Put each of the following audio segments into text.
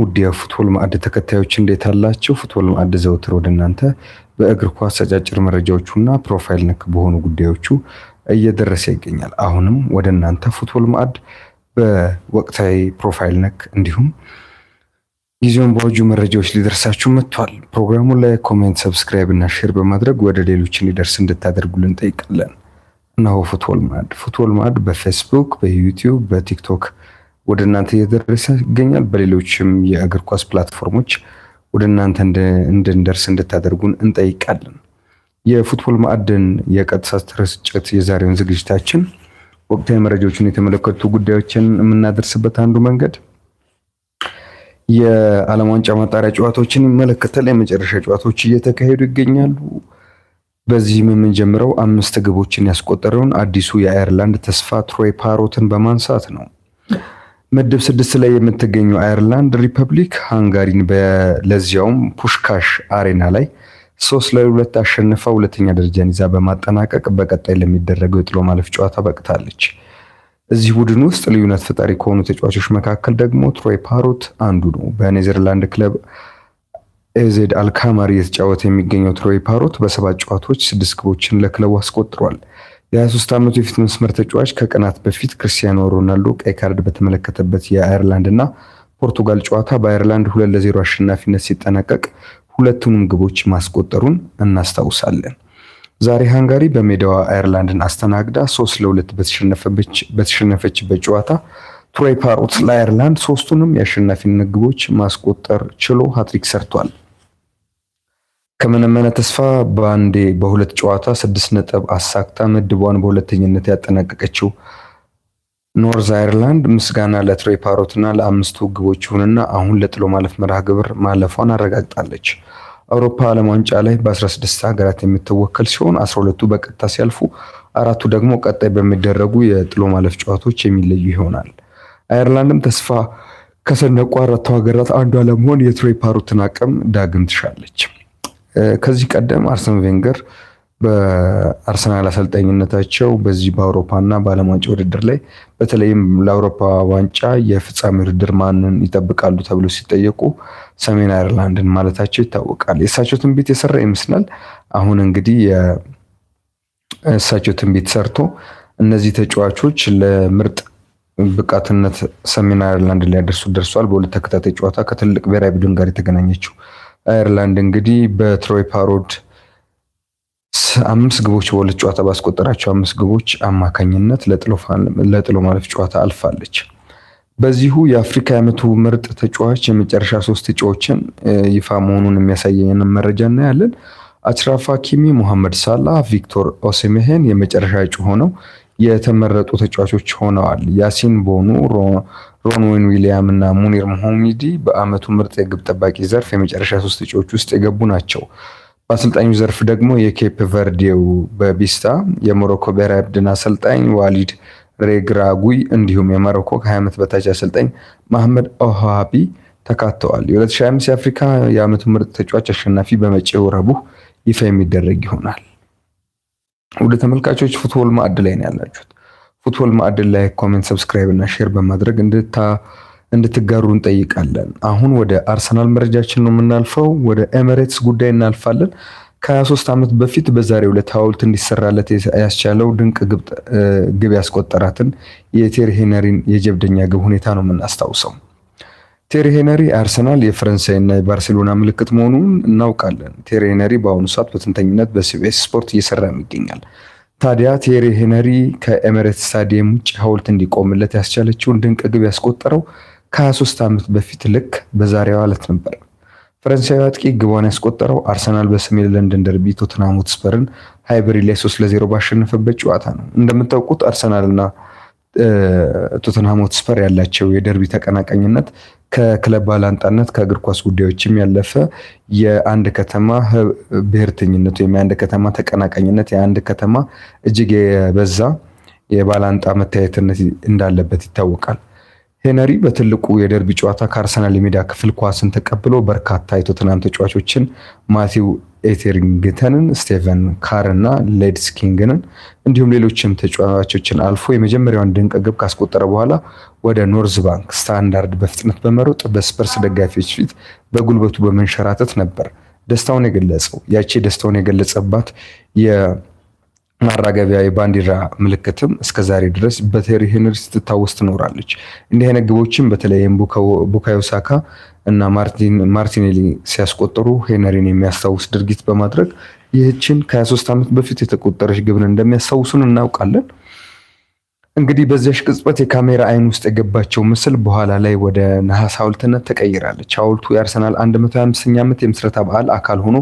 ውድ የፉትቦል ማዕድ ተከታዮች እንዴት አላችሁ? ፉትቦል ማዕድ ዘውትር ወደ እናንተ በእግር ኳስ አጫጭር መረጃዎቹና ፕሮፋይል ነክ በሆኑ ጉዳዮቹ እየደረሰ ይገኛል። አሁንም ወደ እናንተ ፉትቦል ማዕድ በወቅታዊ ፕሮፋይል ነክ እንዲሁም ጊዜውን በዋጁ መረጃዎች ሊደርሳችሁ መጥቷል። ፕሮግራሙ ላይ ኮሜንት፣ ሰብስክራይብ እና ሼር በማድረግ ወደ ሌሎች እንዲደርስ እንድታደርጉልን ጠይቃለን። እነሆ ፉትቦል ማዕድ። ፉትቦል ማዕድ በፌስቡክ፣ በዩቲዩብ፣ በቲክቶክ ወደ እናንተ እየደረሰ ይገኛል። በሌሎችም የእግር ኳስ ፕላትፎርሞች ወደ እናንተ እንድንደርስ እንድታደርጉን እንጠይቃለን። የፉትቦል ማዕድን የቀጥታ ስርጭት የዛሬውን ዝግጅታችን ወቅታዊ መረጃዎችን የተመለከቱ ጉዳዮችን የምናደርስበት አንዱ መንገድ የዓለም ዋንጫ ማጣሪያ ጨዋታዎችን ይመለከታል። የመጨረሻ ጨዋታዎች እየተካሄዱ ይገኛሉ። በዚህም የምንጀምረው አምስት ግቦችን ያስቆጠረውን አዲሱ የአየርላንድ ተስፋ ትሮይ ፓሮትን በማንሳት ነው። ምድብ ስድስት ላይ የምትገኘው አየርላንድ ሪፐብሊክ ሃንጋሪን ለዚያውም ፑሽካሽ አሬና ላይ ሶስት ለሁለት አሸንፋ ሁለተኛ ደረጃን ይዛ በማጠናቀቅ በቀጣይ ለሚደረገው የጥሎ ማለፍ ጨዋታ በቅታለች። እዚህ ቡድን ውስጥ ልዩነት ፈጣሪ ከሆኑ ተጫዋቾች መካከል ደግሞ ትሮይ ፓሮት አንዱ ነው። በኔዘርላንድ ክለብ ኤዜድ አልካማሪ የተጫወተ የሚገኘው ትሮይ ፓሮት በሰባት ጨዋታዎች ስድስት ግቦችን ለክለቡ አስቆጥሯል። የ23 ዓመቱ የፊት መስመር ተጫዋች ከቀናት በፊት ክርስቲያኖ ሮናልዶ ቀይ ካርድ በተመለከተበት የአየርላንድ እና ፖርቱጋል ጨዋታ በአየርላንድ ሁለት ለዜሮ አሸናፊነት ሲጠናቀቅ ሁለቱንም ግቦች ማስቆጠሩን እናስታውሳለን። ዛሬ ሃንጋሪ በሜዳዋ አየርላንድን አስተናግዳ ሶስት ለሁለት በተሸነፈችበት ጨዋታ ቱሬይ ፓሮት ለአየርላንድ ሶስቱንም የአሸናፊነት ግቦች ማስቆጠር ችሎ ሀትሪክ ሰርቷል። ከመነመነ ተስፋ በአንዴ በሁለት ጨዋታ ስድስት ነጥብ አሳክታ ምድቧን በሁለተኝነት ያጠናቀቀችው ኖርዝ አይርላንድ ምስጋና ለትሬ ፓሮትና ለአምስቱ ግቦች ይሁንና አሁን ለጥሎ ማለፍ መርሃ ግብር ማለፏን አረጋግጣለች። አውሮፓ ዓለም ዋንጫ ላይ በ16 ሀገራት የምትወከል ሲሆን 12ቱ በቀጥታ ሲያልፉ፣ አራቱ ደግሞ ቀጣይ በሚደረጉ የጥሎ ማለፍ ጨዋታዎች የሚለዩ ይሆናል። አይርላንድም ተስፋ ከሰነቁ አራቱ ሀገራት አንዷ ለመሆን የትሬ ፓሮትን አቅም ዳግም ትሻለች። ከዚህ ቀደም አርሰን ቬንገር በአርሰናል አሰልጣኝነታቸው በዚህ በአውሮፓና በዓለም ዋንጫ ውድድር ላይ በተለይም ለአውሮፓ ዋንጫ የፍጻሜ ውድድር ማንን ይጠብቃሉ ተብሎ ሲጠየቁ ሰሜን አይርላንድን ማለታቸው ይታወቃል። የእሳቸው ትንቢት የሰራ ይመስላል። አሁን እንግዲህ የእሳቸው ትንቢት ሰርቶ እነዚህ ተጫዋቾች ለምርጥ ብቃትነት ሰሜን አይርላንድ ሊያደርሱ ደርሷል። በሁለት ተከታታይ ጨዋታ ከትልቅ ብሔራዊ ቡድን ጋር የተገናኘችው አየርላንድ እንግዲህ በትሮይ ፓሮድ አምስት ግቦች በሁለት ጨዋታ ባስቆጠራቸው አምስት ግቦች አማካኝነት ለጥሎ ማለፍ ጨዋታ አልፋለች። በዚሁ የአፍሪካ የዓመቱ ምርጥ ተጫዋች የመጨረሻ ሶስት እጩዎችን ይፋ መሆኑን የሚያሳየን መረጃ እናያለን። አችራፍ ሀኪሚ፣ ሙሐመድ ሳላ፣ ቪክቶር ኦሲሜሄን የመጨረሻ እጩ ሆነው የተመረጡ ተጫዋቾች ሆነዋል። ያሲን ቦኑ፣ ሮንዌን ዊሊያም እና ሙኒር ሞሐሚዲ በአመቱ ምርጥ የግብ ጠባቂ ዘርፍ የመጨረሻ ሶስት እጩዎች ውስጥ የገቡ ናቸው። በአሰልጣኙ ዘርፍ ደግሞ የኬፕ ቨርዴው በቢስታ የሞሮኮ ብሔራዊ ቡድን አሰልጣኝ ዋሊድ ሬግራጉይ እንዲሁም የሞሮኮ ከ20 ዓመት በታች አሰልጣኝ መሐመድ ኦሃቢ ተካተዋል። የ2025 የአፍሪካ የአመቱ ምርጥ ተጫዋች አሸናፊ በመጪው ረቡዕ ይፋ የሚደረግ ይሆናል። ወደ ተመልካቾች ፉትቦል ማዕድ ላይ ነው ያላችሁት። ፉትቦል ማዕድ ላይ ኮሜንት፣ ሰብስክራይብ እና ሼር በማድረግ እንድትጋሩ እንጠይቃለን። አሁን ወደ አርሰናል መረጃችን ነው የምናልፈው። ወደ ኤሜሬትስ ጉዳይ እናልፋለን። ከ23 ዓመት በፊት በዛሬው ዕለት ሐውልት እንዲሰራለት ያስቻለው ድንቅ ግብ ያስቆጠራትን የቴሪ ሄነሪን የጀብደኛ ግብ ሁኔታ ነው የምናስታውሰው። ቴሪ ሄነሪ አርሰናል የፈረንሳይና የባርሴሎና ምልክት መሆኑን እናውቃለን። ቴሪ ሄነሪ በአሁኑ ሰዓት በትንተኝነት በሲቢኤስ ስፖርት እየሰራም ይገኛል። ታዲያ ቴሪ ሄነሪ ከኤሜሬትስ ስታዲየም ውጭ ሐውልት እንዲቆምለት ያስቻለችውን ድንቅ ግብ ያስቆጠረው ከ23 ዓመት በፊት ልክ በዛሬዋ ዕለት ነበር። ፈረንሳዊ አጥቂ ግቧን ያስቆጠረው አርሰናል በሰሜን ለንደን ደርቢ ቶተንሃም ሆትስፐርን ሃይበሪ ላይ 3 ለ0 ባሸነፈበት ጨዋታ ነው። እንደምታውቁት አርሰናልና ቶተንሃም ሆትስፐር ያላቸው የደርቢ ተቀናቃኝነት ከክለብ ባላንጣነት ከእግር ኳስ ጉዳዮችም ያለፈ የአንድ ከተማ ብሔርተኝነት ወይም የአንድ ከተማ ተቀናቃኝነት የአንድ ከተማ እጅግ የበዛ የባላንጣ መታየትነት እንዳለበት ይታወቃል። ሄነሪ በትልቁ የደርቢ ጨዋታ ከአርሰናል የሜዳ ክፍል ኳስን ተቀብሎ በርካታ የቶተናም ተጫዋቾችን ማቴው ኤቴሪንግተንን፣ ስቴቨን ካር እና ሌድስ ኪንግንን እንዲሁም ሌሎችም ተጫዋቾችን አልፎ የመጀመሪያውን ድንቅ ግብ ካስቆጠረ በኋላ ወደ ኖርዝ ባንክ ስታንዳርድ በፍጥነት በመሮጥ በስፐርስ ደጋፊዎች ፊት በጉልበቱ በመንሸራተት ነበር ደስታውን የገለጸው። ያቺ ደስታውን የገለጸባት ማራገቢያ የባንዲራ ምልክትም እስከዛሬ ድረስ በቴሪ ሄንሪ ስትታወስ ትኖራለች። እንዲህ አይነት ግቦችም በተለይም ቡካዮ ሳካ እና ማርቲኔሊ ሲያስቆጠሩ ሄነሪን የሚያስታውስ ድርጊት በማድረግ ይህችን ከ23 ዓመት በፊት የተቆጠረች ግብን እንደሚያስታውሱን እናውቃለን። እንግዲህ በዚያሽ ቅጽበት የካሜራ አይን ውስጥ የገባቸው ምስል በኋላ ላይ ወደ ነሐስ ሐውልትነት ተቀይራለች። ሐውልቱ የአርሰናል 125ኛ ዓመት የምስረታ በዓል አካል ሆኖ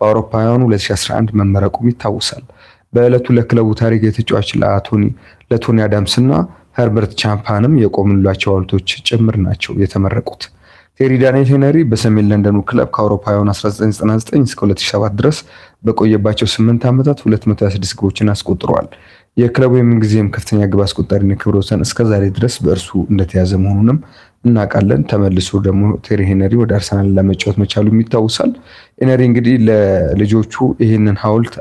በአውሮፓውያኑ 2011 መመረቁም ይታወሳል። በዕለቱ ለክለቡ ታሪክ የተጫዋች ለአቶኒ ለቶኒ አዳምስ አዳምስና ሀርበርት ቻምፓንም የቆሙላቸው ሐውልቶች ጭምር ናቸው የተመረቁት። ቴሪ ዳንኤል ሄነሪ በሰሜን ለንደኑ ክለብ ከአውሮፓውያኑ 1999 እስከ 2007 ድረስ በቆየባቸው 8 ዓመታት 226 ግቦችን አስቆጥሯል። የክለቡ የምንጊዜም ከፍተኛ ግብ አስቆጣሪነት ክብረ ወሰን እስከዛሬ ድረስ በእርሱ እንደተያዘ መሆኑንም እናውቃለን። ተመልሶ ደግሞ ቴሪ ሄነሪ ወደ አርሰናል ለመጫወት መቻሉ ይታወሳል። ሄነሪ እንግዲህ ለልጆቹ ይህንን ሐውልት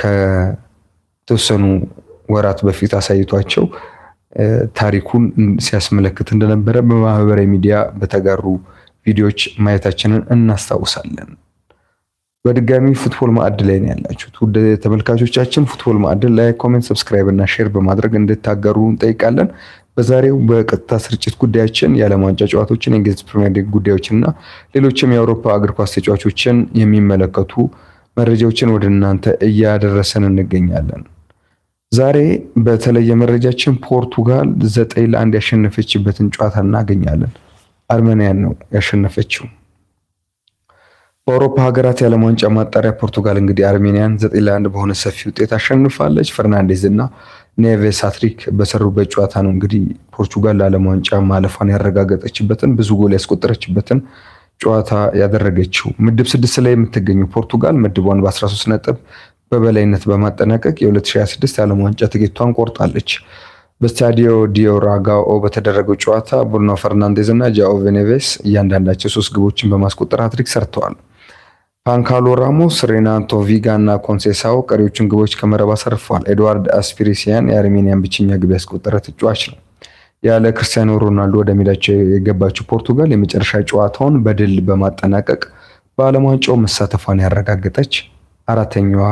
ከተወሰኑ ወራት በፊት አሳይቷቸው ታሪኩን ሲያስመለክት እንደነበረ በማህበራዊ ሚዲያ በተጋሩ ቪዲዮዎች ማየታችንን እናስታውሳለን። በድጋሚ ፉትቦል ማዕድ ላይ ነው ያላችሁት ውድ ተመልካቾቻችን። ፉትቦል ማዕድ ላይ ኮሜንት፣ ሰብስክራይብ እና ሼር በማድረግ እንድታጋሩ እንጠይቃለን። በዛሬው በቀጥታ ስርጭት ጉዳያችን የዓለም ዋንጫ ጨዋታዎችን፣ የእንግሊዝ ፕሪሚየር ሊግ እና ሌሎችም የአውሮፓ እግር ኳስ ተጫዋቾችን የሚመለከቱ መረጃዎችን ወደ እናንተ እያደረሰን እንገኛለን። ዛሬ በተለየ መረጃችን ፖርቱጋል ዘጠኝ ለአንድ ያሸነፈችበትን ጨዋታ እናገኛለን። አርሜኒያን ነው ያሸነፈችው። በአውሮፓ ሀገራት የዓለም ዋንጫ ማጣሪያ ፖርቱጋል እንግዲህ አርሜኒያን ዘጠኝ ለአንድ በሆነ ሰፊ ውጤት አሸንፋለች። ፈርናንዴዝ እና ኔቬስ ሳትሪክ በሰሩበት ጨዋታ ነው እንግዲህ ፖርቱጋል ለዓለም ዋንጫ ማለፏን ያረጋገጠችበትን ብዙ ጎል ያስቆጠረችበትን ጨዋታ ያደረገችው። ምድብ ስድስት ላይ የምትገኘው ፖርቱጋል ምድቧን በ13 ነጥብ በበላይነት በማጠናቀቅ የ2026 የዓለም ዋንጫ ትኬቷን ቆርጣለች። በስታዲዮ ዲዮራጋኦ በተደረገው ጨዋታ ቡርኖ ፈርናንዴዝ እና ጃኦ ቬኔቬስ እያንዳንዳቸው ሶስት ግቦችን በማስቆጠር ሃትሪክ ሰርተዋል። ፓንካሎ ራሞስ፣ ሬናቶ ቪጋ እና ኮንሴሳው ቀሪዎቹን ግቦች ከመረብ አሰርፈዋል። ኤድዋርድ አስፒሪሲያን የአርሜኒያን ብቸኛ ግብ ያስቆጠረ ተጫዋች ነው። ያለ ክርስቲያኖ ሮናልዶ ወደ ሜዳቸው የገባችው ፖርቱጋል የመጨረሻ ጨዋታውን በድል በማጠናቀቅ በዓለም ዋንጫው መሳተፏን ያረጋገጠች አራተኛዋ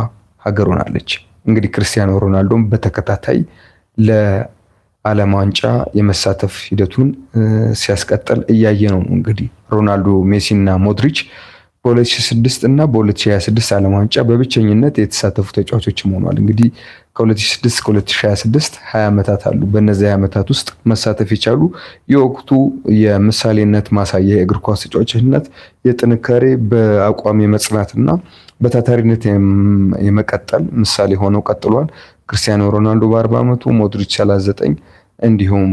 ሀገር ሆናለች። እንግዲህ ክርስቲያኖ ሮናልዶም በተከታታይ ለዓለም ዋንጫ የመሳተፍ ሂደቱን ሲያስቀጥል እያየ ነው። እንግዲህ ሮናልዶ፣ ሜሲና ሞድሪች በ2006 እና በ2026 ዓለም ዋንጫ በብቸኝነት የተሳተፉ ተጫዋቾችም ሆኗል። እንግዲህ ከ2006 2026 20 ዓመታት አሉ። በእነዚህ 20 ዓመታት ውስጥ መሳተፍ የቻሉ የወቅቱ የምሳሌነት ማሳያ የእግር ኳስ ተጫዋችነት የጥንካሬ በአቋም የመጽናትና በታታሪነት የመቀጠል ምሳሌ ሆነው ቀጥሏል። ክርስቲያኖ ሮናልዶ በ40 ዓመቱ፣ ሞድሪች 39 እንዲሁም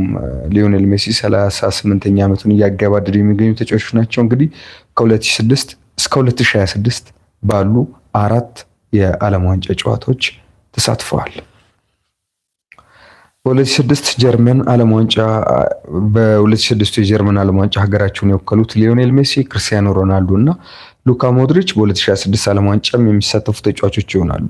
ሊዮኔል ሜሲ 38ኛ ዓመቱን እያገባደዱ የሚገኙ ተጫዋቾች ናቸው። እንግዲህ ከ2006 እስከ 2026 ባሉ አራት የዓለም ዋንጫ ጨዋታዎች ተሳትፈዋል። በ2006 ጀርመን ዓለም ዋንጫ በ2006 የጀርመን ዓለም ዋንጫ ሀገራቸውን የወከሉት ሊዮኔል ሜሲ፣ ክርስቲያኖ ሮናልዶ እና ሉካ ሞድሪች በ2026 ዓለም ዋንጫም የሚሳተፉ ተጫዋቾች ይሆናሉ።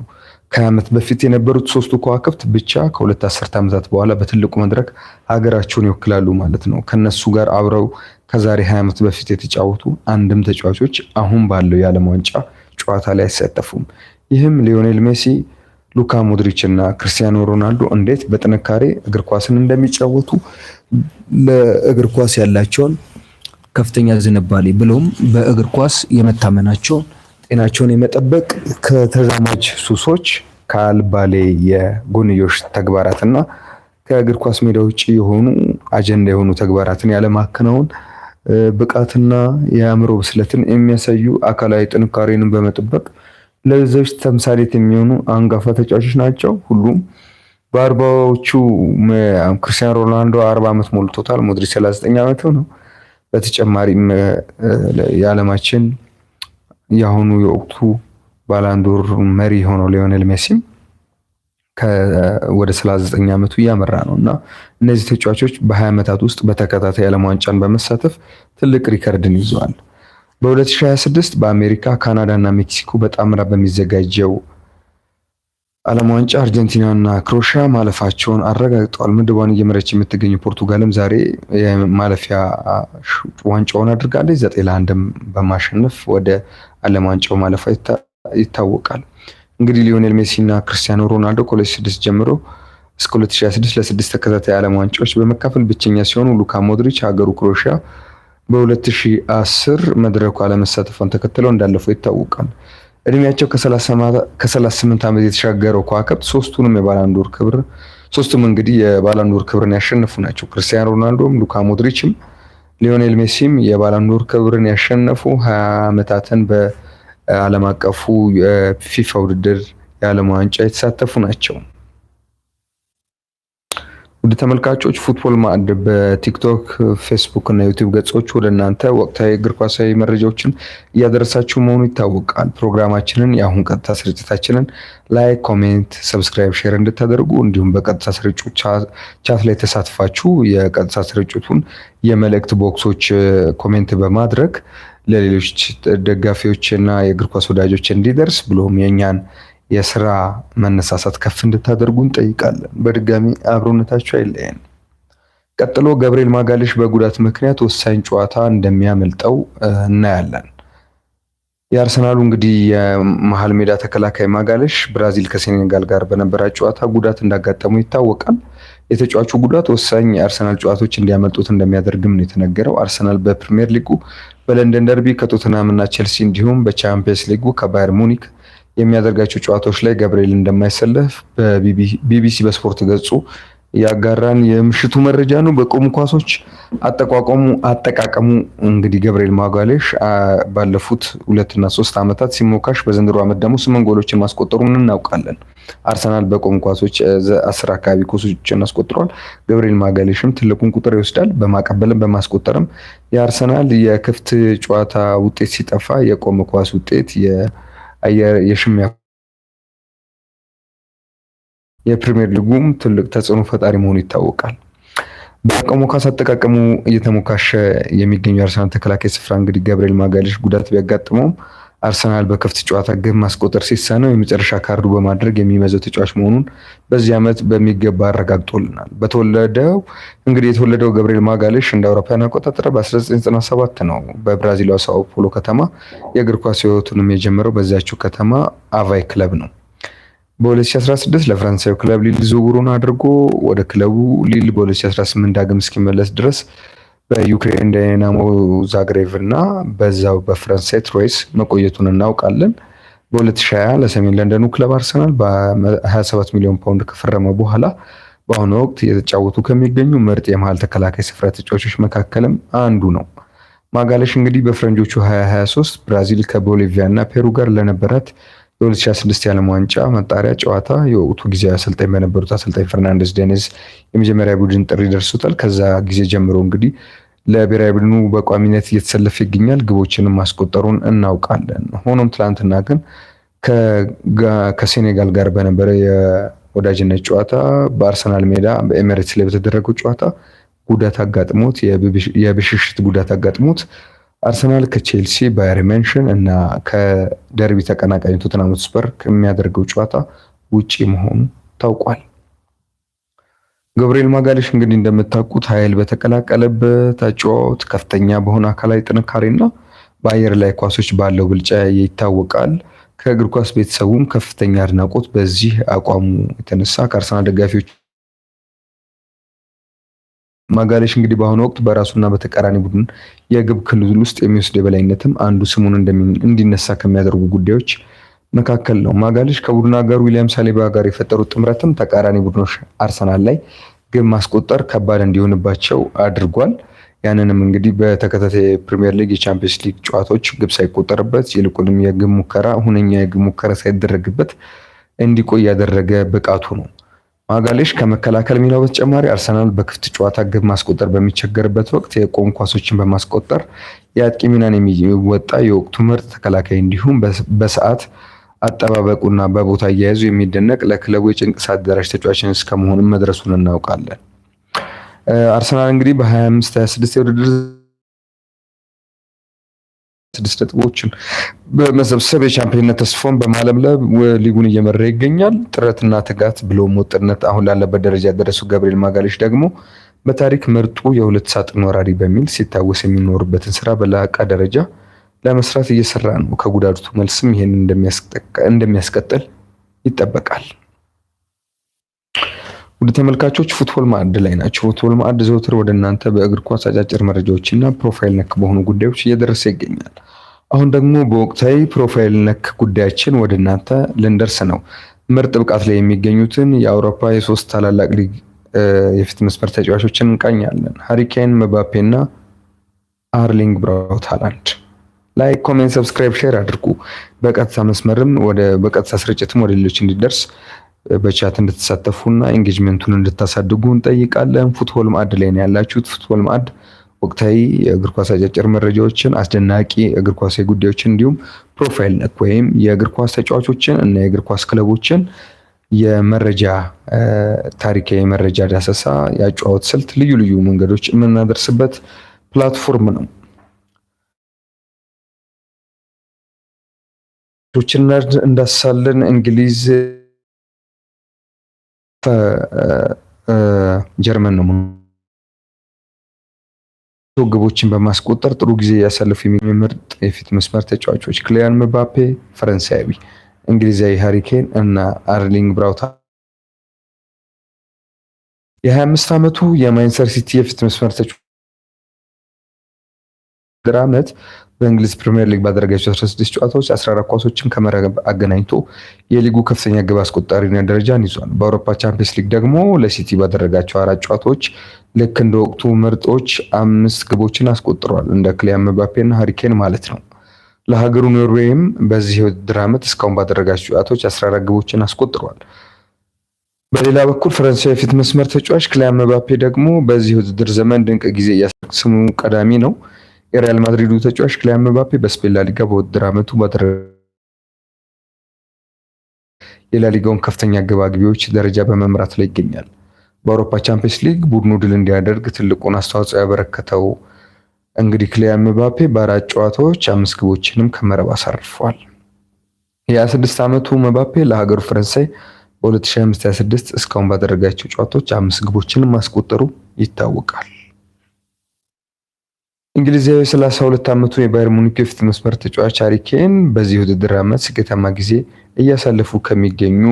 ከዓመት በፊት የነበሩት ሶስቱ ከዋክብት ብቻ ከሁለት አስርተ ዓመታት በኋላ በትልቁ መድረክ ሀገራቸውን ይወክላሉ ማለት ነው። ከነሱ ጋር አብረው ከዛሬ 20 ዓመት በፊት የተጫወቱ አንድም ተጫዋቾች አሁን ባለው የዓለም ዋንጫ ጨዋታ ላይ አይሳተፉም። ይህም ሊዮኔል ሜሲ፣ ሉካ ሞድሪች እና ክርስቲያኖ ሮናልዶ እንዴት በጥንካሬ እግር ኳስን እንደሚጫወቱ ለእግር ኳስ ያላቸውን ከፍተኛ ዝንባሌ ብለውም በእግር ኳስ የመታመናቸውን ጤናቸውን የመጠበቅ ከተዛማጅ ሱሶች ከአልባሌ የጎንዮሽ ተግባራትና ከእግር ኳስ ሜዳ ውጭ የሆኑ አጀንዳ የሆኑ ተግባራትን ያለማከናወን ብቃትና የአእምሮ ብስለትን የሚያሳዩ አካላዊ ጥንካሬን በመጠበቅ ለዘች ተምሳሌት የሚሆኑ አንጋፋ ተጫዋቾች ናቸው። ሁሉም በአርባዎቹ ክርስቲያኖ ሮናልዶ አርባ ዓመት ሞልቶታል። ሞድሪች 39 ዓመት ነው። በተጨማሪም የዓለማችን የአሁኑ የወቅቱ ባላንዶር መሪ የሆነው ሊዮኔል ሜሲም ወደ 39 ዓመቱ እያመራ ነው እና እነዚህ ተጫዋቾች በ20 ዓመታት ውስጥ በተከታታይ ዓለም ዋንጫን በመሳተፍ ትልቅ ሪከርድን ይዘዋል። በ2026 በአሜሪካ ካናዳ እና ሜክሲኮ በጣምራ በሚዘጋጀው ዓለም ዋንጫ አርጀንቲናና ክሮሻ ማለፋቸውን አረጋግጠዋል። ምድቧን እየመረች የምትገኘው ፖርቱጋልም ዛሬ የማለፊያ ዋንጫውን አድርጋለች። ዘጠኝ ለአንድም በማሸነፍ ወደ ዓለም ዋንጫው ማለፏ ይታወቃል። እንግዲህ ሊዮኔል ሜሲ እና ክርስቲያኖ ሮናልዶ ከ2006 ጀምሮ እስከ 2026 ለስድስት ተከታታይ ዓለም ዋንጫዎች በመካፈል ብቸኛ ሲሆኑ ሉካ ሞድሪች ሀገሩ ክሮሽያ በ2010 መድረኩ አለመሳተፏን ተከትለው እንዳለፈው ይታወቃል። እድሜያቸው ከ38 ዓመት የተሻገረው ከዋክብት ሶስቱንም የባላንዶር ክብር ሶስቱም እንግዲህ የባላንዶር ክብርን ያሸነፉ ናቸው። ክርስቲያኖ ሮናልዶም ሉካ ሞድሪችም ሊዮኔል ሜሲም የባላንዶር ክብርን ያሸነፉ 20 ዓመታትን በ ዓለም አቀፉ የፊፋ ውድድር የዓለም ዋንጫ የተሳተፉ ናቸው። ውድ ተመልካቾች ፉትቦል ማዕድ በቲክቶክ፣ ፌስቡክ እና ዩቲዩብ ገጾች ወደ እናንተ ወቅታዊ እግር ኳሳዊ መረጃዎችን እያደረሳችሁ መሆኑ ይታወቃል። ፕሮግራማችንን የአሁን ቀጥታ ስርጭታችንን ላይክ፣ ኮሜንት፣ ሰብስክራይብ፣ ሼር እንድታደርጉ እንዲሁም በቀጥታ ስርጭት ቻት ላይ ተሳትፋችሁ የቀጥታ ስርጭቱን የመልእክት ቦክሶች ኮሜንት በማድረግ ለሌሎች ደጋፊዎችና የእግር ኳስ ወዳጆች እንዲደርስ ብሎም የእኛን የስራ መነሳሳት ከፍ እንድታደርጉ እንጠይቃለን። በድጋሚ አብሮነታቸው አይለየን። ቀጥሎ ገብርኤል ማጋሌሽ በጉዳት ምክንያት ወሳኝ ጨዋታ እንደሚያመልጠው እናያለን። የአርሰናሉ እንግዲህ የመሀል ሜዳ ተከላካይ ማጋለሽ ብራዚል ከሴኔጋል ጋር በነበራት ጨዋታ ጉዳት እንዳጋጠሙ ይታወቃል። የተጫዋቹ ጉዳት ወሳኝ የአርሰናል ጨዋታዎች እንዲያመልጡት እንደሚያደርግም ነው የተነገረው። አርሰናል በፕሪሚየር ሊጉ በለንደን ደርቢ ከቶትናምና ቼልሲ እንዲሁም በቻምፒየንስ ሊጉ ከባየር ሙኒክ የሚያደርጋቸው ጨዋታዎች ላይ ገብርኤል እንደማይሰለፍ በቢቢሲ በስፖርት ገጹ ያጋራን የምሽቱ መረጃ ነው። በቆሙ ኳሶች አጠቋቋሙ አጠቃቀሙ እንግዲህ ገብርኤል ማጋሌሽ ባለፉት ሁለትና ሶስት ዓመታት ሲሞካሽ በዘንድሮ ዓመት ደግሞ ስምንት ጎሎችን ማስቆጠሩን እናውቃለን። አርሰናል በቆሙ ኳሶች አስር አካባቢ ኳሶችን አስቆጥሯል። ገብርኤል ማጋሌሽም ትልቁን ቁጥር ይወስዳል። በማቀበልም በማስቆጠርም የአርሰናል የክፍት ጨዋታ ውጤት ሲጠፋ የቆመ ኳስ ውጤት የሽሚያ የፕሪሚየር ሊጉም ትልቅ ተጽዕኖ ፈጣሪ መሆኑ ይታወቃል። በአቋሙ ኳስ አጠቃቀሙ እየተሞካሸ የሚገኙ የአርሰናል ተከላካይ ስፍራ እንግዲህ ገብርኤል ማጋሌሽ ጉዳት ቢያጋጥመውም አርሰናል በክፍት ጨዋታ ግብ ማስቆጠር ሲሳነው የመጨረሻ ካርዱ በማድረግ የሚመዘው ተጫዋች መሆኑን በዚህ ዓመት በሚገባ አረጋግጦልናል። በተወለደው እንግዲህ የተወለደው ገብርኤል ማጋሌሽ እንደ አውሮፓውያን አቆጣጠር በ1997 ነው። በብራዚሏ ሳኦ ፖሎ ከተማ የእግር ኳስ ህይወቱንም የጀመረው በዚያችው ከተማ አቫይ ክለብ ነው። በ2016 ለፈረንሳዩ ክለብ ሊል ዝውውሩን አድርጎ ወደ ክለቡ ሊል በ2018 ዳግም እስኪመለስ ድረስ በዩክሬን ዳይናሞ ዛግሬቭ እና በዛው በፈረንሳይ ትሮይስ መቆየቱን እናውቃለን። በ2020 ለሰሜን ለንደኑ ክለብ አርሰናል በ27 ሚሊዮን ፓውንድ ከፈረመ በኋላ በአሁኑ ወቅት እየተጫወቱ ከሚገኙ ምርጥ የመሀል ተከላካይ ስፍራ ተጫዋቾች መካከልም አንዱ ነው። ማጋለሽ እንግዲህ በፈረንጆቹ 2023 ብራዚል ከቦሊቪያ እና ፔሩ ጋር ለነበራት የ2016 የዓለም ዋንጫ መጣሪያ ጨዋታ የወቅቱ ጊዜ አሰልጣኝ በነበሩት አሰልጣኝ ፈርናንደስ ዴኔዝ የመጀመሪያ ቡድን ጥሪ ደርሶታል። ከዛ ጊዜ ጀምሮ እንግዲህ ለብሔራዊ ቡድኑ በቋሚነት እየተሰለፈ ይገኛል። ግቦችንም ማስቆጠሩን እናውቃለን። ሆኖም ትላንትና ግን ከሴኔጋል ጋር በነበረ የወዳጅነት ጨዋታ በአርሰናል ሜዳ በኤሜሬትስ ላይ በተደረገው ጨዋታ ጉዳት አጋጥሞት የብሽሽት ጉዳት አጋጥሞት አርሰናል ከቼልሲ ባየር ሚንሽን እና ከደርቢ ተቀናቃኝ ቶተንሃም ከሚያደርገው ጨዋታ ውጪ መሆኑ ታውቋል። ገብርኤል ማጋሌሽ እንግዲህ እንደምታውቁት ኃይል በተቀላቀለበት አጨዋወት ከፍተኛ በሆነ አካላዊ ጥንካሬና በአየር ላይ ኳሶች ባለው ብልጫ ይታወቃል። ከእግር ኳስ ቤተሰቡም ከፍተኛ አድናቆት በዚህ አቋሙ የተነሳ ከአርሰናል ደጋፊዎች ማጋሌሽ እንግዲህ በአሁኑ ወቅት በራሱና በተቃራኒ ቡድን የግብ ክልል ውስጥ የሚወስድ የበላይነትም አንዱ ስሙን እንዲነሳ ከሚያደርጉ ጉዳዮች መካከል ነው። ማጋሌሽ ከቡድን አጋሩ ዊሊያም ሳሊባ ጋር የፈጠሩት ጥምረትም ተቃራኒ ቡድኖች አርሰናል ላይ ግብ ማስቆጠር ከባድ እንዲሆንባቸው አድርጓል። ያንንም እንግዲህ በተከታታይ የፕሪሚየር ሊግ፣ የቻምፒየንስ ሊግ ጨዋታዎች ግብ ሳይቆጠርበት ይልቁንም የግብ ሙከራ ሁነኛ የግብ ሙከራ ሳይደረግበት እንዲቆይ ያደረገ ብቃቱ ነው። ማጋሌሽ ከመከላከል ሚናው በተጨማሪ አርሰናል በክፍት ጨዋታ ግብ ማስቆጠር በሚቸገርበት ወቅት የቆም ኳሶችን በማስቆጠር የአጥቂ ሚናን የሚወጣ የወቅቱ ምርጥ ተከላካይ እንዲሁም በሰዓት አጠባበቁና በቦታ አያያዙ የሚደነቅ ለክለቡ የጭንቅሳት ደራሽ ተጫዋችን እስከመሆኑም መድረሱን እናውቃለን። አርሰናል እንግዲህ በ25 26 የውድድር ስድስት ነጥቦችን በመሰብሰብ የቻምፒዮንነት ተስፎን በማለም ላይ ሊጉን እየመራ ይገኛል። ጥረትና ትጋት ብሎም ወጥነት አሁን ላለበት ደረጃ ያደረሱ ገብርኤል ማጋሌሽ ደግሞ በታሪክ ምርጡ የሁለት ሳጥን ወራሪ በሚል ሲታወስ የሚኖርበትን ስራ በላቀ ደረጃ ለመስራት እየሰራ ነው። ከጉዳቱ መልስም ይህን እንደሚያስቀጥል ይጠበቃል። ወደ ተመልካቾች ፉትቦል ማዕድ ላይ ናቸው። ፉትቦል ማዕድ ዘውትር ወደ እናንተ በእግር ኳስ አጫጭር መረጃዎችና ፕሮፋይል ነክ በሆኑ ጉዳዮች እየደረሰ ይገኛል። አሁን ደግሞ በወቅታዊ ፕሮፋይል ነክ ጉዳያችን ወደ እናንተ ልንደርስ ነው። ምርጥ ብቃት ላይ የሚገኙትን የአውሮፓ የሶስት ታላላቅ ሊግ የፊት መስመር ተጫዋቾችን እንቃኛለን። ሃሪኬን፣ መባፔ እና አርሊንግ ብራውት ሃላንድ ላይ ኮሜንት፣ ሰብስክራይብ፣ ሼር አድርጉ። በቀጥታ መስመርም በቀጥታ ስርጭትም ወደ ሌሎች እንዲደርስ በቻት እንድትሳተፉና ኤንጌጅመንቱን እንድታሳድጉ እንጠይቃለን። ፉትቦል ማዕድ ላይ ነው ያላችሁት። ፉትቦል ማዕድ ወቅታዊ የእግር ኳስ አጫጭር መረጃዎችን፣ አስደናቂ እግር ኳስ ጉዳዮችን እንዲሁም ፕሮፋይል ነክ ወይም የእግር ኳስ ተጫዋቾችን እና የእግር ኳስ ክለቦችን የመረጃ ታሪካዊ መረጃ ዳሰሳ፣ የአጨዋወት ስልት፣ ልዩ ልዩ መንገዶች የምናደርስበት ፕላትፎርም ነው። ችን እንዳሳለን እንግሊዝ ጀርመን ነው ግቦችን በማስቆጠር ጥሩ ጊዜ ያሳልፉ የሚመርጥ የፊት መስመር ተጫዋቾች ክሊያን ምባፔ ፈረንሳያዊ፣ እንግሊዛዊ ሃሪኬን እና አርሊንግ ብራውታ። የ25 ዓመቱ የማንቸስተር ሲቲ የፊት መስመር ተጫዋች ድራመት በእንግሊዝ ፕሪምየር ሊግ ባደረጋቸው 16 ጨዋታዎች 14 ኳሶችን ከመረብ አገናኝቶ የሊጉ ከፍተኛ ግብ አስቆጣሪነት ደረጃን ይዟል። በአውሮፓ ቻምፒየንስ ሊግ ደግሞ ለሲቲ ባደረጋቸው አራት ጨዋታዎች ልክ እንደ ወቅቱ ምርጦች አምስት ግቦችን አስቆጥሯል። እንደ ክሊያን ምባፔና ሀሪኬን ማለት ነው። ለሀገሩ ኖርዌይም በዚህ የውድድር ዓመት እስካሁን ባደረጋቸው ጨዋታዎች 14 ግቦችን አስቆጥሯል። በሌላ በኩል ፈረንሳዊ የፊት መስመር ተጫዋች ክሊያን መባፔ ደግሞ በዚህ ውድድር ዘመን ድንቅ ጊዜ ስሙ ቀዳሚ ነው። የሪያል ማድሪዱ ተጫዋች ክሊያን ምባፔ በስፔን ላሊጋ በውድድር ዓመቱ ባደረገው የላሊጋውን ከፍተኛ ግባግቢዎች ደረጃ በመምራት ላይ ይገኛል። በአውሮፓ ቻምፒየንስ ሊግ ቡድኑ ድል እንዲያደርግ ትልቁን አስተዋጽኦ ያበረከተው እንግዲህ ክሊያን ምባፔ በአራት ጨዋታዎች አምስት ግቦችንም ከመረብ አሳርፏል። የ26 ዓመቱ ምባፔ ለሀገሩ ፈረንሳይ በ2025/26 እስካሁን ባደረጋቸው ጨዋታዎች አምስት ግቦችንም ማስቆጠሩ ይታወቃል። እንግሊዛዊ 32 ዓመቱ የባየር ሙኒክ የፊት መስመር ተጫዋች ሃሪ ኬን በዚህ ውድድር ዓመት ስኬታማ ጊዜ እያሳለፉ ከሚገኙ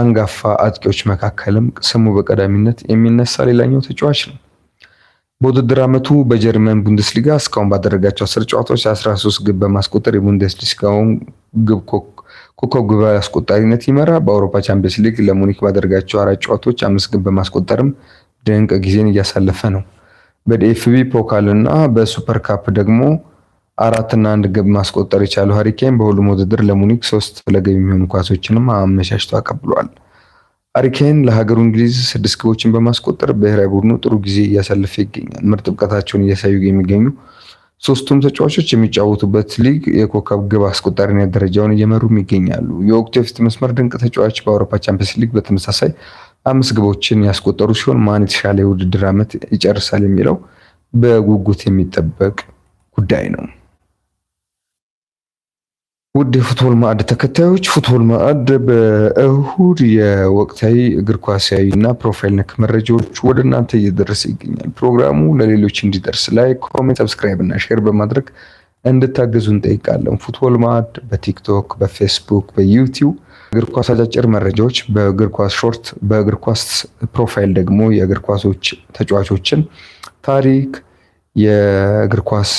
አንጋፋ አጥቂዎች መካከልም ስሙ በቀዳሚነት የሚነሳ ሌላኛው ተጫዋች ነው። በውድድር ዓመቱ በጀርመን ቡንደስሊጋ እስካሁን ባደረጋቸው አስር ጨዋታዎች 13 ግብ በማስቆጠር የቡንደስሊጋውን ግብ ኮከብ ግብ አስቆጣሪነት ይመራ። በአውሮፓ ቻምፒየንስ ሊግ ለሙኒክ ባደረጋቸው አራት ጨዋታዎች አምስት ግብ በማስቆጠርም ድንቅ ጊዜን እያሳለፈ ነው። በዲኤፍቢ ፖካል እና በሱፐር ካፕ ደግሞ አራትና አንድ ግብ ማስቆጠር የቻለው ሀሪኬን በሁሉም ውድድር ለሙኒክ ሶስት ለግብ የሚሆኑ ኳሶችንም አመቻችቶ አቀብሏል። ሀሪኬን ለሀገሩ እንግሊዝ ስድስት ግቦችን በማስቆጠር ብሔራዊ ቡድኑ ጥሩ ጊዜ እያሳለፈ ይገኛል። ምርጥ ብቃታቸውን እያሳዩ የሚገኙ ሶስቱም ተጫዋቾች የሚጫወቱበት ሊግ የኮከብ ግብ አስቆጣሪነት ደረጃውን እየመሩም ይገኛሉ። የወቅቱ የፊት መስመር ድንቅ ተጫዋች በአውሮፓ ቻምፒየንስ ሊግ በተመሳሳይ አምስት ግቦችን ያስቆጠሩ ሲሆን ማን የተሻለ የውድድር ዓመት ይጨርሳል የሚለው በጉጉት የሚጠበቅ ጉዳይ ነው። ውድ የፉትቦል ማዕድ ተከታዮች ፉትቦል ማዕድ በእሁድ የወቅታዊ እግር ኳሳዊ እና ፕሮፋይል ነክ መረጃዎች ወደ እናንተ እየደረሰ ይገኛል። ፕሮግራሙ ለሌሎች እንዲደርስ ላይ ኮሜንት፣ ሰብስክራይብ እና ሼር በማድረግ እንድታግዙ እንጠይቃለን። ፉትቦል ማድ በቲክቶክ በፌስቡክ በዩቲዩብ እግር ኳስ አጫጭር መረጃዎች፣ በእግር ኳስ ሾርት፣ በእግር ኳስ ፕሮፋይል ደግሞ የእግር ኳሶች ተጫዋቾችን ታሪክ፣ የእግር ኳስ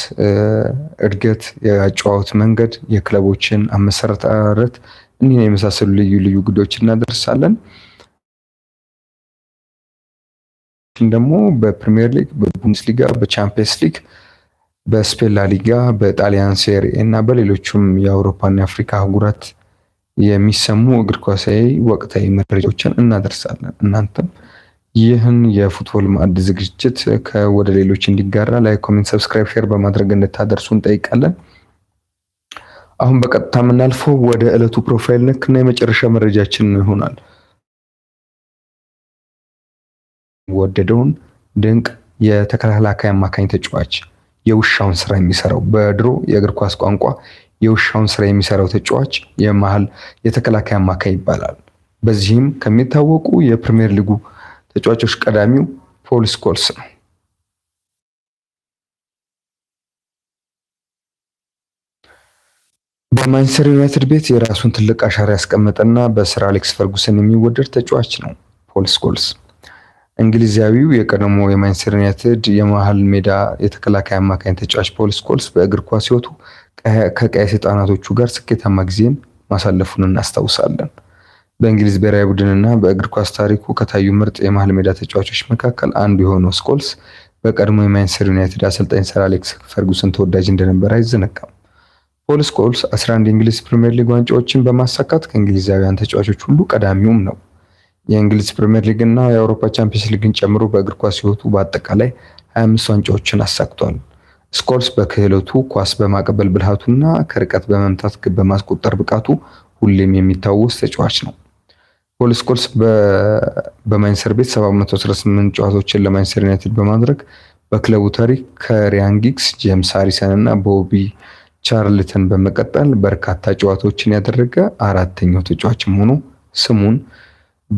እድገት፣ የአጨዋወት መንገድ፣ የክለቦችን አመሰራረት እኒህን የመሳሰሉ ልዩ ልዩ ጉዳዮች እናደርሳለን። ደግሞ በፕሪሚየር ሊግ፣ በቡንደስሊጋ፣ በቻምፒየንስ ሊግ በስፔን ላሊጋ፣ በጣሊያን ሴሪ እና በሌሎቹም የአውሮፓና የአፍሪካ አህጉራት የሚሰሙ እግር ኳሳዊ ወቅታዊ መረጃዎችን እናደርሳለን። እናንተም ይህን የፉትቦል ማዕድ ዝግጅት ከወደ ሌሎች እንዲጋራ ላይ ኮሜንት፣ ሰብስክራይብ፣ ሼር በማድረግ እንድታደርሱ እንጠይቃለን። አሁን በቀጥታ የምናልፈው ወደ ዕለቱ ፕሮፋይል ነክ እና የመጨረሻ መረጃችን ይሆናል። ወደደውን ድንቅ የተከላካይ አማካኝ ተጫዋች የውሻውን ስራ የሚሰራው በድሮ የእግር ኳስ ቋንቋ የውሻውን ስራ የሚሰራው ተጫዋች የመሀል የተከላካይ አማካይ ይባላል። በዚህም ከሚታወቁ የፕሪሚየር ሊጉ ተጫዋቾች ቀዳሚው ፖል ስኮልስ ነው። በማንቸስተር ዩናይትድ ቤት የራሱን ትልቅ አሻራ ያስቀመጠና በሰር አሌክስ ፈርጉሰን የሚወደድ ተጫዋች ነው ፖል ስኮልስ። እንግሊዛዊው የቀድሞ የማንቸስተር ዩናይትድ የመሀል ሜዳ የተከላካይ አማካኝ ተጫዋች ፖል ስኮልስ በእግር ኳስ ሕይወቱ ከቀይ ሰይጣናቶቹ ጋር ስኬታማ ጊዜን ማሳለፉን እናስታውሳለን። በእንግሊዝ ብሔራዊ ቡድንና በእግር ኳስ ታሪኩ ከታዩ ምርጥ የመሀል ሜዳ ተጫዋቾች መካከል አንዱ የሆነው ስኮልስ በቀድሞ የማንቸስተር ዩናይትድ አሰልጣኝ ሰር አሌክስ ፈርጉሰን ተወዳጅ እንደነበረ አይዘነጋም። ፖል ስኮልስ 11 የእንግሊዝ ፕሪምየር ሊግ ዋንጫዎችን በማሳካት ከእንግሊዛውያን ተጫዋቾች ሁሉ ቀዳሚውም ነው። የእንግሊዝ ፕሪምየር ሊግ እና የአውሮፓ ቻምፒየንስ ሊግን ጨምሮ በእግር ኳስ ሕይወቱ በአጠቃላይ 25 ዋንጫዎችን አሳክቷል። ስኮልስ በክህሎቱ ኳስ በማቀበል ብልሃቱና ከርቀት በመምታት ግብ በማስቆጠር ብቃቱ ሁሌም የሚታወስ ተጫዋች ነው። ፖል ስኮልስ በማንቸስተር ቤት 718 ጨዋታዎችን ለማንቸስተር ዩናይትድ በማድረግ በክለቡ ታሪክ ከሪያን ጊግስ፣ ጄምስ ሃሪሰን እና ቦቢ ቻርልተን በመቀጠል በርካታ ጨዋታዎችን ያደረገ አራተኛው ተጫዋችም ሆኖ ስሙን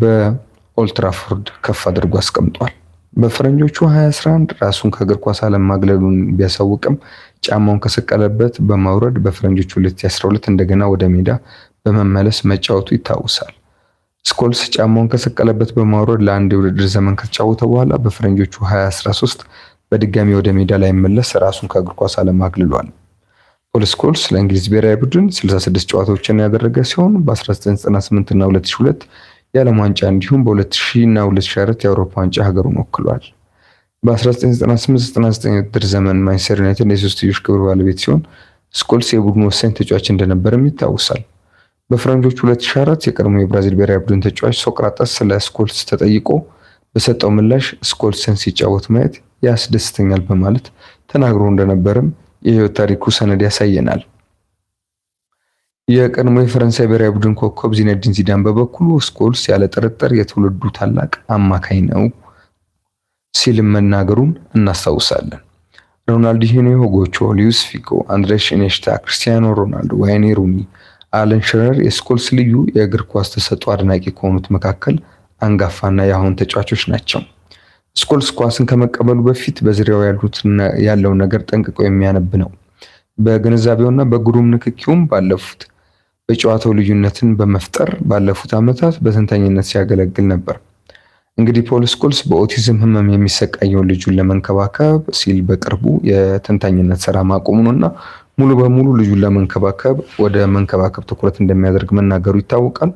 በኦልትራፎርድ ከፍ አድርጎ አስቀምጧል። በፈረንጆቹ 2011 ራሱን ከእግር ኳስ ዓለም ማግለሉን ቢያሳውቅም ጫማውን ከሰቀለበት በማውረድ በፈረንጆቹ 2012 እንደገና ወደ ሜዳ በመመለስ መጫወቱ ይታወሳል። ስኮልስ ጫማውን ከሰቀለበት በማውረድ ለአንድ የውድድር ዘመን ከተጫወተ በኋላ በፈረንጆቹ 2013 በድጋሚ ወደ ሜዳ ላይ መለስ ራሱን ከእግር ኳስ ዓለም አግልሏል። ፖል ስኮልስ ለእንግሊዝ ብሔራዊ ቡድን 66 ጨዋታዎችን ያደረገ ሲሆን በ1998ና 2002 የዓለም ዋንጫ እንዲሁም በ2000 እና 2004 የአውሮፓ ዋንጫ ሀገሩን ወክሏል። በ1998/99 ውድድር ዘመን ማንቸስተር ዩናይትድ የሶስትዮሽ ክብር ባለቤት ሲሆን ስኮልስ የቡድኑ ወሳኝ ተጫዋች እንደነበርም ይታወሳል። በፈረንጆቹ 2004 የቀድሞ የብራዚል ብሔራዊ ቡድን ተጫዋች ሶቅራጠስ ስለ ስኮልስ ተጠይቆ በሰጠው ምላሽ ስኮልስን ሲጫወት ማየት ያስደስተኛል በማለት ተናግሮ እንደነበርም የህይወት ታሪኩ ሰነድ ያሳየናል። የቀድሞ የፈረንሳይ ብሔራዊ ቡድን ኮከብ ዚነዲን ዚዳን በበኩሉ ስኮልስ ያለ ጥርጥር የትውልዱ ታላቅ አማካይ ነው ሲልም መናገሩን እናስታውሳለን። ሮናልዲኒሆ ጎቾ፣ ሉዊስ ፊጎ፣ አንድሬሽ ኢኔሽታ፣ ክርስቲያኖ ሮናልዶ፣ ዋይኔ ሩኒ፣ አለን ሽረር የስኮልስ ልዩ የእግር ኳስ ተሰጥኦ አድናቂ ከሆኑት መካከል አንጋፋና የአሁን ተጫዋቾች ናቸው። ስኮልስ ኳስን ከመቀበሉ በፊት በዙሪያው ያለውን ነገር ጠንቅቆ የሚያነብ ነው። በግንዛቤውና በግሩም ንክኪውም ባለፉት በጨዋታው ልዩነትን በመፍጠር ባለፉት ዓመታት በትንተኝነት ሲያገለግል ነበር። እንግዲህ ፖል ስኮልስ በኦቲዝም ህመም የሚሰቃየውን ልጁን ለመንከባከብ ሲል በቅርቡ የተንታኝነት ስራ እና ሙሉ በሙሉ ልጁን ለመንከባከብ ወደ መንከባከብ ትኩረት እንደሚያደርግ መናገሩ ይታወቃል።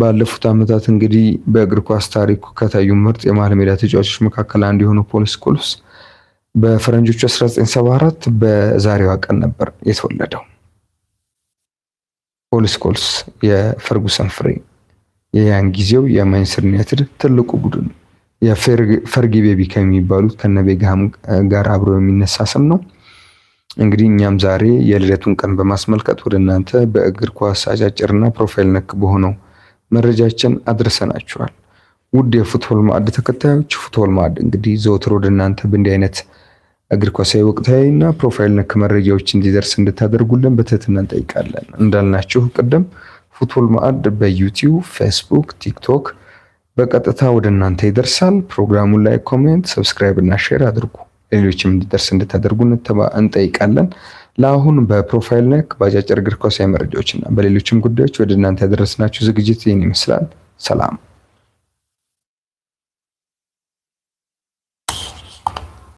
ባለፉት ዓመታት እንግዲህ በእግር ኳስ ታሪኩ ከታዩ ምርጥ የመሃል ሜዳ ተጫዋቾች መካከል አንዱ የሆነው ፖል ስኮልስ በፈረንጆቹ 1974 በዛሬዋ ቀን ነበር የተወለደው። ፖል ስኮልስ የፈርጉሰን ፍሬ የያን ጊዜው የማንችስተር ዩናይትድ ትልቁ ቡድን የፈርጊ ቤቢ ከሚባሉት ከነቤግሃም ጋር አብሮ የሚነሳ ስም ነው። እንግዲህ እኛም ዛሬ የልደቱን ቀን በማስመልከት ወደ እናንተ በእግር ኳስ አጫጭርና ፕሮፋይል ነክ በሆነው መረጃችን አድርሰናችኋል። ውድ የፉትቦል ማዕድ ተከታዮች፣ ፉትቦል ማዕድ እንግዲህ ዘወትር ወደ እናንተ በእንዲህ አይነት እግር ኳሳዊ ወቅታዊና ፕሮፋይል ነክ መረጃዎች እንዲደርስ እንድታደርጉልን በትህትና እንጠይቃለን። እንዳልናችሁ ቅድም ፉትቦል ማዕድ በዩቲዩብ፣ ፌስቡክ፣ ቲክቶክ በቀጥታ ወደ እናንተ ይደርሳል። ፕሮግራሙን ላይ ኮሜንት፣ ሰብስክራይብ እና ሼር አድርጉ። ሌሎችም እንዲደርስ እንድታደርጉ እንጠይቃለን። ለአሁን በፕሮፋይል ነክ በአጫጭር እግር ኳሳዊ መረጃዎችና በሌሎችም ጉዳዮች ወደ እናንተ ያደረስናችሁ ዝግጅት ይህን ይመስላል። ሰላም